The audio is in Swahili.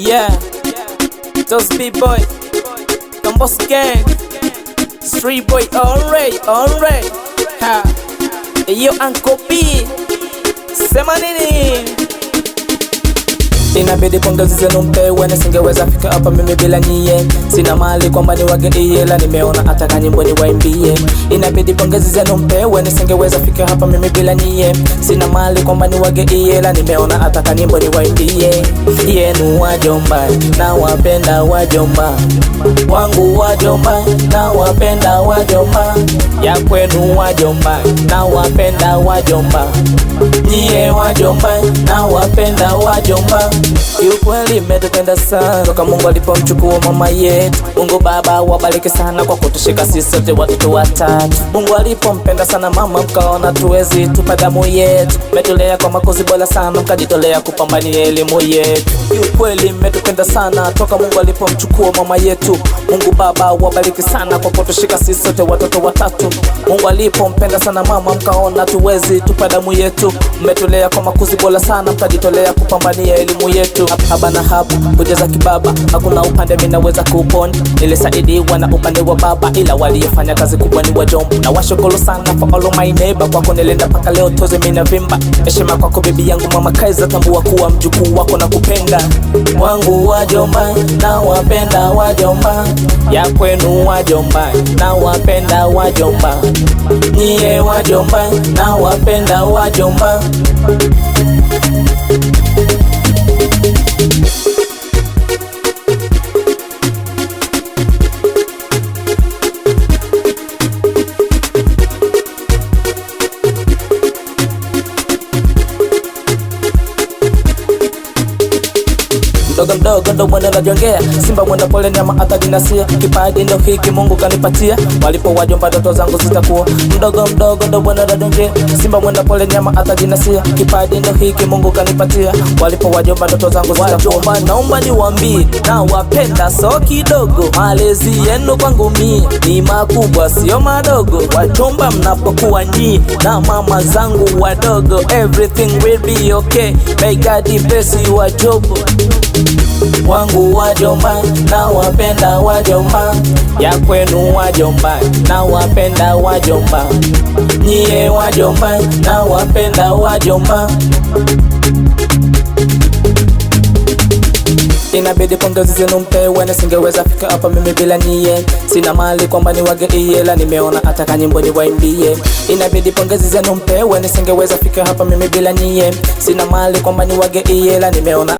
Yeah, those big boy, bust Gang, Street Boy, alright, alright. Ha, yo, Uncle B, Semanini. sina inabidi pongezize numpewe na singeweza fika hapa mimi bila nyie. Sina mali kwamba ni wageni ila nimeona hata kanyimbo ni waimbie. Inabidi pongezize numpewe na singeweza fika hapa mimi bila nyie. Sina mali kwamba ni wageni ila nimeona hata kanyimbo ni waimbie. Yenu wajomba na wapenda wajomba wangu wajomba na wapenda wajomba ya kwenu wajomba na wapenda wajomba nyie wajomba na wapenda wajomba Kiukweli metukwenda sana toka Mungu alipomchukua mama yetu. Mungu Baba wabariki sana kwa kutushika sisi sote watoto watatu. Mungu alipompenda sana mama, mkaona tuwezi tupa damu yetu, metulea kwa makozi bora sana, mkajitolea kupambania elimu yetu. Kiukweli metukwenda sana toka Mungu alipomchukua mama yetu. Mungu Baba wabariki sana kwa kutushika sisi sote watoto watatu. Mungu alipompenda sana mama, mkaona tuwezi tupa damu yetu, metulea kwa makozi bora sana, mkajitolea kupambania elimu elimu yetu haba na haba hujaza kibaba, hakuna upande minaweza kupon. Nilisaidiwa na upande wa baba, ila waliyefanya kazi kubwa ni wajombo. Na washukuru sana for all my neighbor, kwako nilenda mpaka leo tozi minavimba. Heshima kwako bibi yangu mama Kaiza, tambua kuwa mjukuu wako na kupenda wangu wajomba, na wapenda wajomba, ya kwenu wajomba, na wapenda wajomba, nyie wajomba, na wapenda wajomba mdogo mdogo ndo bwana najongea, simba mwenda pole, nyama atajinasia. Kipaji ndo hiki Mungu kanipatia, walipo wajomba ndoto zangu zitakuwa. Mdogo mdogo ndo bwana najongea, simba mwenda pole, nyama atajinasia. Kipaji ndo hiki Mungu kanipatia, walipo wajomba ndoto zangu zitakuwa. Naomba niwaambie na wapenda so kidogo, malezi yenu kwangu mie ni makubwa sio madogo. Wajomba mnapokuwa nyie na mama zangu wadogo, everything will be okay. Make a Thank you wangu wajomba, na wapenda wajomba, ya kwenu wajomba, na wapenda wajomba, nyie wajomba, na wapenda wajomba. Inabidi pongezi zenu mpewe, na singeweza fika hapa mimi bila nyie. Sina mali kwamba niwageiye, la nimeona hata kanyimbo niwaimbie. Inabidi pongezi zenu mpewe, na singeweza fika hapa mimi bila nyie. Sina mali kwamba niwageiye, la nimeona